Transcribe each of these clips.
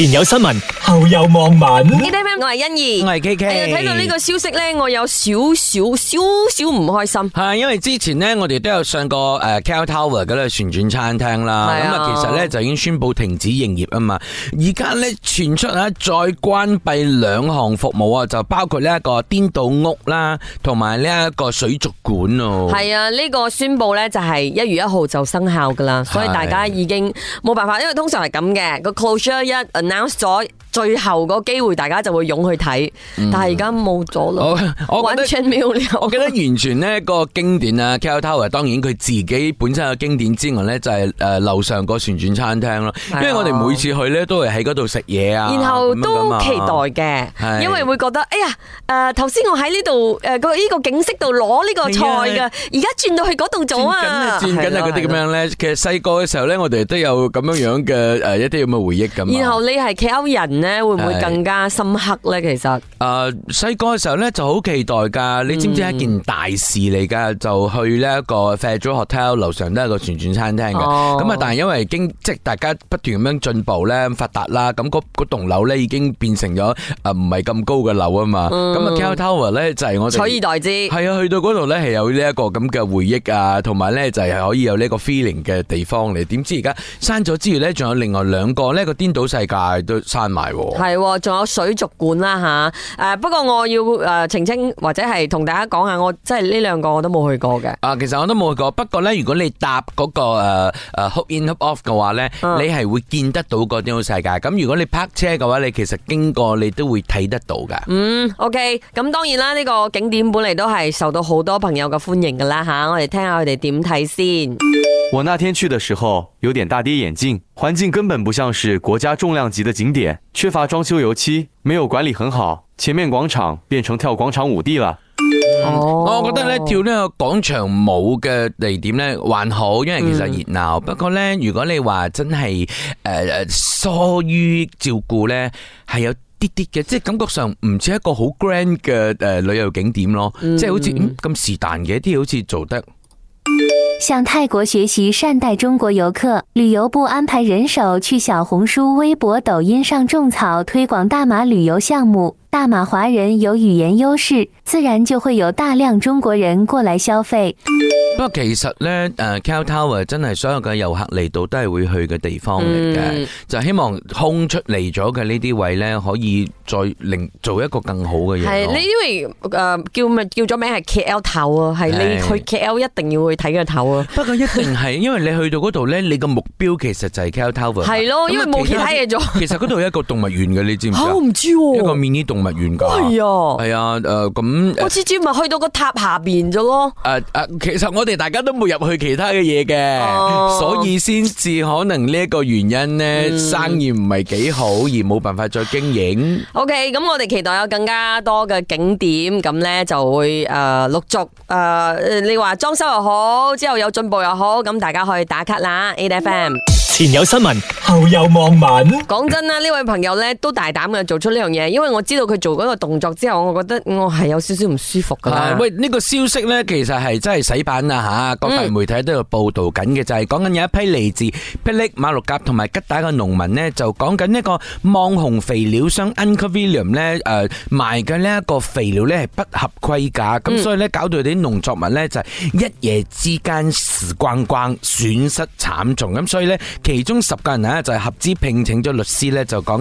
前有新聞，後有網民。我係欣怡，我係 K K。睇到呢個消息咧，我有少少少少唔開心。係，因為之前咧，我哋都有上過誒 KL Tower 嘅咧旋轉餐廳啦。咁啊，其實咧就已經宣布停止營業啊嘛。而家咧傳出啊，再關閉兩項服務啊，就包括呢一個顛倒屋啦，同埋呢一個水族館哦。係啊，呢個宣布咧就係一月一號就生效噶啦，所以大家已經冇辦法，因為通常係咁嘅個 closure 一。鬧咗，最後個機會大家就會湧去睇，但係而家冇咗咯，完全沒有。我記得完全呢個經典啊，KL Tower 當然佢自己本身嘅經典之外咧就係誒樓上個旋轉餐廳咯，因為我哋每次去咧都係喺嗰度食嘢啊，然後都期待嘅，因為會覺得哎呀誒頭先我喺呢度誒個呢個景色度攞呢個菜噶，而家轉到去嗰度做啊，轉緊係嗰啲咁樣咧。其實細個嘅時候咧，我哋都有咁樣樣嘅誒一啲咁嘅回憶咁。然後你。係 KL Tower 咧，會唔會更加深刻咧？其實，誒細個嘅時候咧，就好期待㗎。你知唔知係一件大事嚟㗎？就去咧一個 Federal Hotel 樓上都係個旋轉餐廳㗎。咁啊，但係因為經即係大家不斷咁樣進步咧、發達啦，咁嗰嗰棟樓咧已經變成咗誒唔係咁高嘅樓啊嘛。咁啊，KL Tower 咧就係我取而代之。係啊，去到嗰度咧係有呢一個咁嘅回憶啊，同埋咧就係可以有呢個 feeling 嘅地方嚟。點知而家刪咗之餘咧，仲有另外兩個咧個顛倒世界。都閂埋，係仲有水族館啦吓。誒，不過我要誒澄清或者係同大家講下，我即係呢兩個我都冇去過嘅。啊，其實我都冇去過。不過咧，如果你搭嗰個誒誒 Hop In Hop Off 嘅話咧，你係會見得到個動物世界。咁如果你泊車嘅話，你其實經過你都會睇得到噶。嗯，OK。咁當然啦，呢個景點本嚟都係受到好多朋友嘅歡迎噶啦吓。我哋聽下佢哋點睇先。我那天去嘅時候，有點大跌眼鏡。環境根本不像是國家重量級的景點，缺乏裝修油漆，沒有管理很好。前面廣場變成跳廣場舞地了。嗯哦、我覺得呢跳呢個廣場舞嘅地點呢還好，因為其實熱鬧。嗯、不過呢，如果你話真係誒誒疏於照顧呢，係有啲啲嘅，即係感覺上唔似一個好 grand 嘅誒、呃、旅遊景點咯，嗯、即係好似咁、嗯、時但嘅啲，好似做得。向泰國學習善待中國遊客，旅遊部安排人手去小紅書、微博、抖音上種草推廣大馬旅遊項目。大馬華人有語言優勢，自然就會有大量中國人過來消費。不過其實咧，誒 KL Tower 真係所有嘅遊客嚟到都係會去嘅地方嚟嘅，嗯、就希望空出嚟咗嘅呢啲位咧，可以再另做一個更好嘅嘢。係，你以為誒、呃、叫咪叫咗名係 KL 頭啊，係是你去 KL 一定要去睇嘅頭。不過一定係，因為你去到嗰度咧，你個目標其實就係 KL Tower。係咯，因為冇其他嘢做。其實嗰度有一個動物園嘅，你知唔知？我唔知，一個 mini 動物園噶。係啊，係啊，誒咁。我次次咪去到個塔下邊咗咯。誒誒，其實我哋大家都冇入去其他嘅嘢嘅，所以先至可能呢一個原因咧，生意唔係幾好，而冇辦法再經營。OK，咁我哋期待有更加多嘅景點，咁咧就會誒陸續誒，你話裝修又好之後。有進步又好，咁大家去打卡啦，AFM 前有新聞，後有網民。講真啦，呢位朋友咧都大膽嘅做出呢樣嘢，因為我知道佢做嗰個動作之後，我覺得我係有少少唔舒服噶啦。喂，呢個消息咧，其實係真係洗版啊吓！各大媒體都有報道緊嘅，就係講緊有一批嚟自霹靂馬六甲同埋吉打嘅農民咧，就講緊呢個網紅肥料商 Uncle William 咧，誒賣嘅呢一個肥料咧係不合規格，咁所以咧搞到啲農作物咧就一夜之間時光光損失慘重，咁所以咧。其中十個人啊，就係合資聘請咗律師咧，就講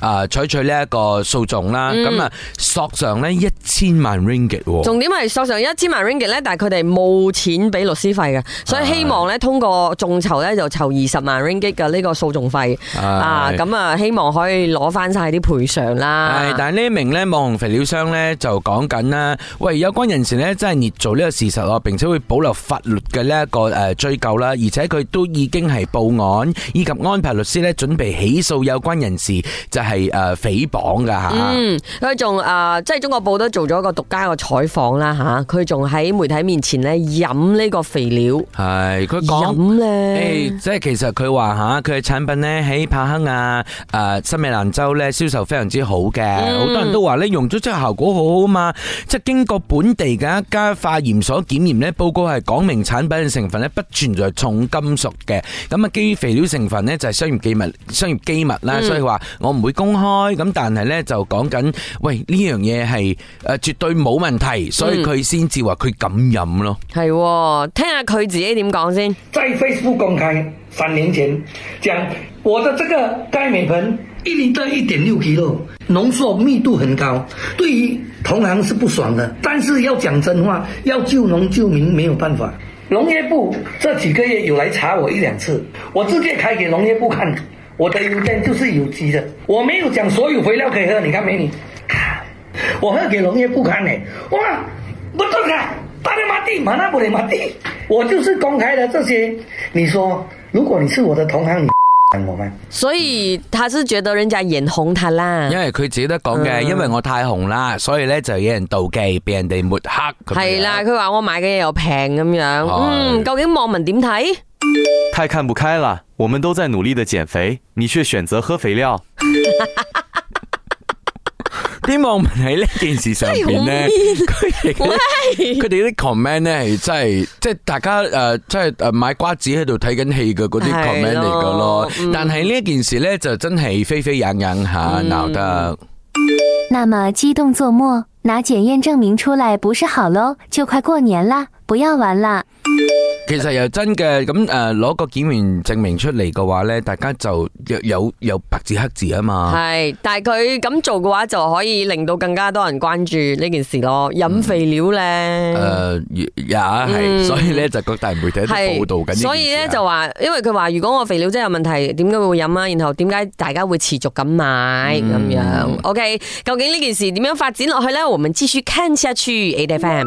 要誒採取呢一個訴訟啦。咁啊，索償咧一千萬 ringgit。重點係索償一千萬 ringgit 咧，但係佢哋冇錢俾律師費嘅，所以希望咧通過眾籌咧就籌二十萬 ringgit 嘅呢個訴訟費啊。咁啊，希望可以攞翻晒啲賠償啦。但係呢名咧網紅肥料商咧就講緊啦，喂，有關人士咧真係揑造呢個事實哦，並且會保留法律嘅呢一個誒追究啦，而且佢都已經係報案。以及安排律師咧，準備起訴有關人士，就係誒誹謗噶吓。嗯，佢仲誒，即係中國報都做咗一個獨家嘅採訪啦吓。佢仲喺媒體面前咧飲呢個肥料。係佢飲咧，即係其實佢話吓，佢嘅產品呢喺帕克啊，誒、呃、新美蘭州咧銷售非常之好嘅，好、嗯、多人都話咧用咗之後效果很好好啊嘛。即係經過本地嘅一家化驗所檢驗呢，報告係講明產品嘅成分咧不存在重金屬嘅。咁啊，基肥料成分呢，就係商業機密，商業機密啦，所以話我唔會公開。咁但係咧就講緊，喂呢樣嘢係誒絕對冇問題，所以佢先至話佢敢飲咯。係、嗯哦，聽下佢自己點講先。在 Facebook 公開三年前，講我的這個鈣鎂盆一釐得一點六 K 咯，濃縮密度很高，對於同行是不爽的。但是要講真話，要救農救民，沒有辦法。農業部這幾個月有來查我一兩次，我直接開給農業部看，我的郵件就是有機的，我沒有講所有肥料可以喝，你看美女，我喝給農業部看呢，哇，不中啊，大力馬地，馬那不里馬地，我就是公開了這些，你說，如果你是我的同行，你。所以他是覺得人家眼紅他啦，因為佢自己都講嘅，因為我太紅啦，所以咧就有人妒忌，俾人哋抹黑。係啦，佢話我買嘅嘢又平咁樣，嗯，哎、究竟網民點睇？太看不開了，我們都在努力的減肥，你卻選擇喝肥料。 啲網民喺呢件事上邊咧，佢哋佢哋啲 comment 咧係真係即係大家誒，即係誒買瓜子喺度睇緊戲嘅嗰啲 comment 嚟嘅咯。嗯、但係呢件事咧就真係沸沸揚揚吓，鬧、嗯、得。那麼激動做麼？拿檢驗證明出來不是好咯？就快過年啦，不要玩啦！其實又真嘅，咁誒攞個檢驗證明出嚟嘅話咧，大家就有有，有白字黑字啊嘛。係，但係佢咁做嘅話，就可以令到更加多人關注呢件事咯。飲肥料咧，誒、嗯呃、也係、嗯，所以咧就各大媒體都報道緊。所以咧就話，因為佢話如果我肥料真係有問題，點解會飲啊？然後點解大家會持續咁買咁、嗯、樣？OK，究竟呢件事點樣發展落去咧？我們繼續看下去，ADFM。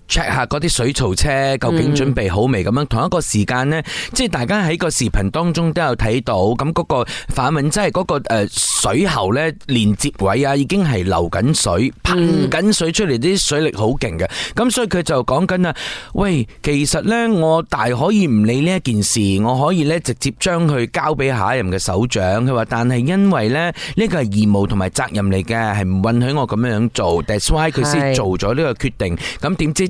check 下嗰啲水槽車究竟準備好未？咁樣、嗯、同一個時間咧，即係大家喺個視頻當中都有睇到，咁嗰個反問即係嗰、嗰個誒、呃、水喉咧連接位啊，已經係流緊水噴緊水出嚟，啲水力好勁嘅。咁、嗯、所以佢就講緊啊，喂，其實咧我大可以唔理呢一件事，我可以咧直接將佢交俾下一任嘅首長。佢話，但係因為咧呢、呢個係義務同埋責任嚟嘅，係唔允許我咁樣樣做。that’s why 佢先做咗呢個決定。咁點知？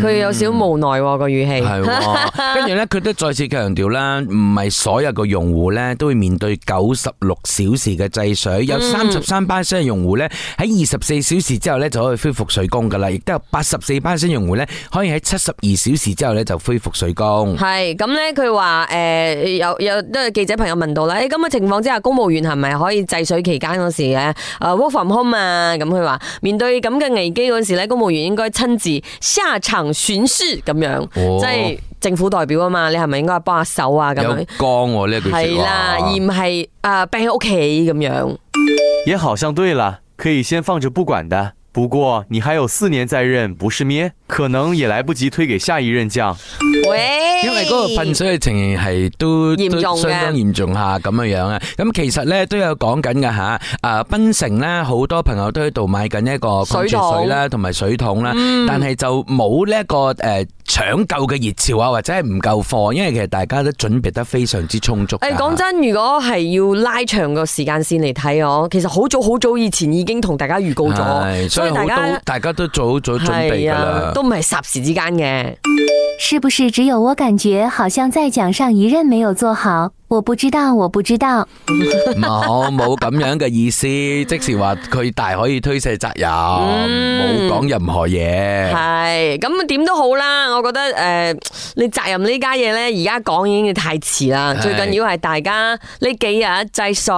佢、嗯、有少少無奈個、哦、語氣、嗯，係，跟住咧，佢都再次強調啦，唔係所有嘅用戶咧都會面對九十六小時嘅制水，有三十三巴仙用戶咧喺二十四小時之後咧就可以恢復水供噶啦，亦都有八十四巴仙用戶咧可以喺七十二小時之後咧就恢復水供，係，咁咧佢話，誒有有都係記者朋友問到啦，誒咁嘅情況之下，公務員係咪可以制水期間嗰時嘅誒，work from home 啊，咁佢話面對咁嘅危機嗰時咧，公務員應該親自下層。損失咁樣，即係政府代表啊嘛，你係咪應該幫下手啊咁樣？有光喎呢啲係啦，而唔係誒病喺屋企咁樣。也好像對啦，可以先放着不管的。不過你還有四年在任，不是咩？可能也來不及推給下一任將。喂，因為嗰個噴水嘅情形係都嚴重都相當嚴重下咁樣樣啊。咁其實咧都有講緊嘅吓，誒，檳城咧好多朋友都喺度買緊一個礦泉水啦，同埋水，桶水桶啦，嗯、但係就冇呢一個誒搶購嘅熱潮啊，或者係唔夠貨，因為其實大家都準備得非常之充足。誒、欸，講真，如果係要拉長個時間線嚟睇，我其實好早好早以前已經同大家預告咗。大家都大家都做好咗準備噶啦，啊，都唔係霎時之間嘅。是不是只有我感覺，好像在講上一任沒有做好？我不知道，我不知道。冇冇咁樣嘅意思，即是話佢大可以推卸責任，冇講任何嘢。係咁點都好啦，我覺得誒、呃，你責任呢家嘢咧，而家講已經太遲啦。是最緊要係大家呢幾日制水，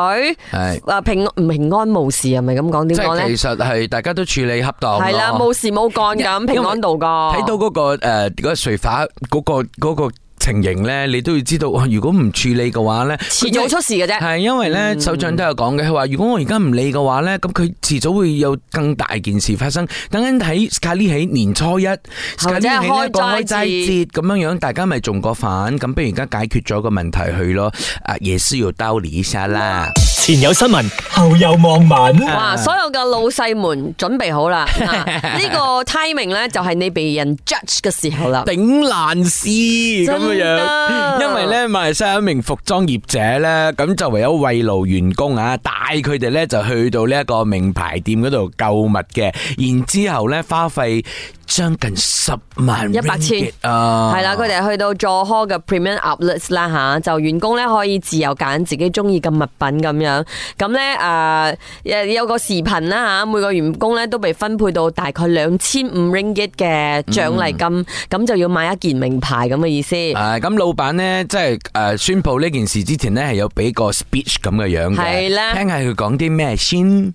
係話是平唔平安無事係咪咁講？點講咧？其實係大家都處理恰當。係啦，冇事冇干咁平安度噶，睇到嗰、那個誒，嗰、呃那個稅法。啊，嗰個嗰個情形咧，你都要知道。如果唔處理嘅話咧，遲早出事嘅啫。係因為咧，首長都有講嘅，佢話、嗯、如果我而家唔理嘅話咧，咁佢遲早會有更大件事發生。等緊睇卡尼喺年初一，卡尼喺過開齋節咁樣樣，大家咪仲過份。咁不如而家解決咗個問題去咯。啊，耶穌要兜你一晒啦。前有新聞，後有網民。 哇，所有嘅老細們準備好啦。呢、 啊這個 timing 咧就係你被人 judge 嘅時候啦。頂難事。因為咧，馬來西亞一名服裝業者呢，咁就為咗慰勞員工啊，帶佢哋呢就去到呢一個名牌店嗰度購物嘅，然之後呢，花費，將近十萬 100,、一百千啊，係啦，佢哋去到佐科嘅 Premium outlets 啦吓，就員工咧可以自由揀自己中意嘅物品咁樣。咁咧誒，有有個視頻啦吓，每個員工咧都被分配到大概兩千五 Ringgit 嘅獎勵金，咁、嗯、就要買一件名牌咁嘅意思。誒、呃，咁老闆咧即係誒、呃、宣布呢件事之前咧係有俾個 speech 咁嘅樣嘅，係啦了，聽下佢講啲咩先。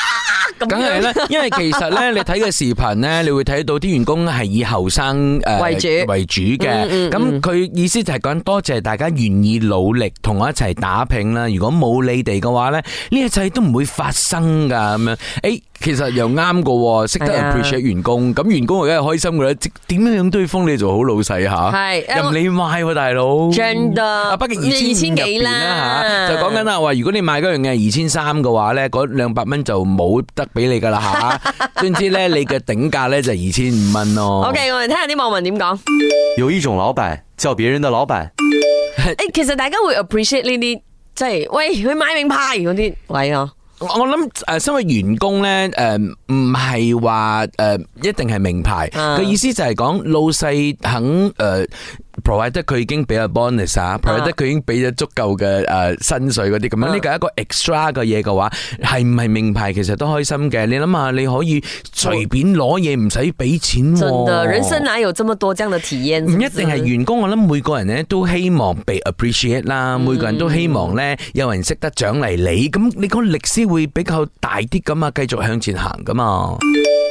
梗係咧，因為其實咧，你睇嘅視頻咧， 你會睇到啲員工係以後生誒為主嘅。咁佢，嗯嗯嗯，意思就係講多謝大家願意努力同我一齊打拼啦。如果冇你哋嘅話咧，呢一切都唔會發生㗎咁樣，誒其實又啱嘅，識得 appreciate 員工，咁是、啊、員工而家係開心嘅啦。點樣樣都要封你做好老細吓，任你賣大佬。不過二千二千幾啦吓，就講緊啦。話如果你買嗰樣嘢二千三嘅話咧，嗰兩百蚊就冇得俾你噶啦吓。 總之咧，你嘅頂價咧就二千五蚊咯。OK，我哋聽下啲網民點講。有呢種老闆叫別人的老闆。誒， 其實大家會 appreciate 呢啲，即、就、係、是、喂，去買名牌嗰啲喂。啊。我我諗誒，身為員工咧，誒唔係話誒一定係名牌嘅、嗯、意思就是說，就係講老細肯誒。呃 provide 得佢已經俾個 bonus 啊，啊，provide 得佢已經俾咗足夠嘅誒薪水嗰啲咁樣呢個、啊、一個 extra 嘅嘢嘅話係唔係名牌其實都開心嘅。嗯、你諗下，你可以隨便攞嘢唔使俾錢、啊。真的人生哪有這麼多這樣的體驗？唔一定係員工，我諗每個人咧都希望被 appreciate 啦，每個人都希望咧、嗯、有人識得獎勵你。咁你個歷史會比較大啲噶嘛？繼續向前行噶嘛？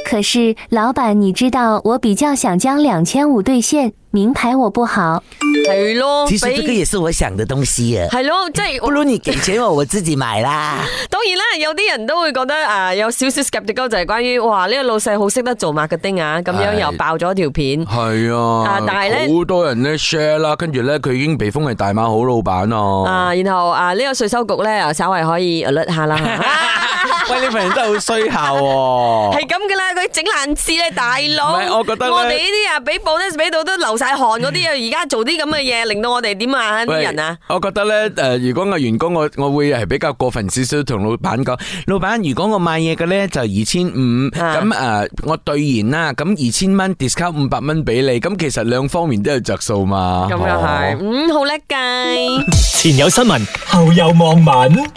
可是老闆，你知道我比較想將兩千五兌現。名牌我不好，係咯。其實呢個也是我想的東西啊。係比 咯，即係不如你給錢我，我自己買啦。 當然啦，有啲人都會覺得啊，有少少 sceptical 啲就係關於哇呢個老細好識得做 marketing 啊，咁樣又爆咗條片。係是 啊，但係咧好多人咧 share 啦，跟住咧佢已經被封係大馬好老闆啊。啊、然後啊呢個稅收局咧又稍微可以 alert 下啦、啊。 喂，呢份真係衰下喎，係咁噶啦，佢整爛次啊大佬、嗯。我覺得我哋呢啲人、啊、俾 bonus 俾到都留。晒汗嗰啲啊，而家做啲咁嘅嘢，令到我哋點啊啲人啊？我覺得咧，誒、呃，如果我員工我我會係比較過分少少同老闆講，老闆如果我賣嘢嘅咧就二千五，咁、呃、誒我兌現啦，咁二千蚊 discount 五百蚊俾你，咁其實兩方面都有着數嘛。咁又係，嗯，好叻㗎。前有新聞，後有網民。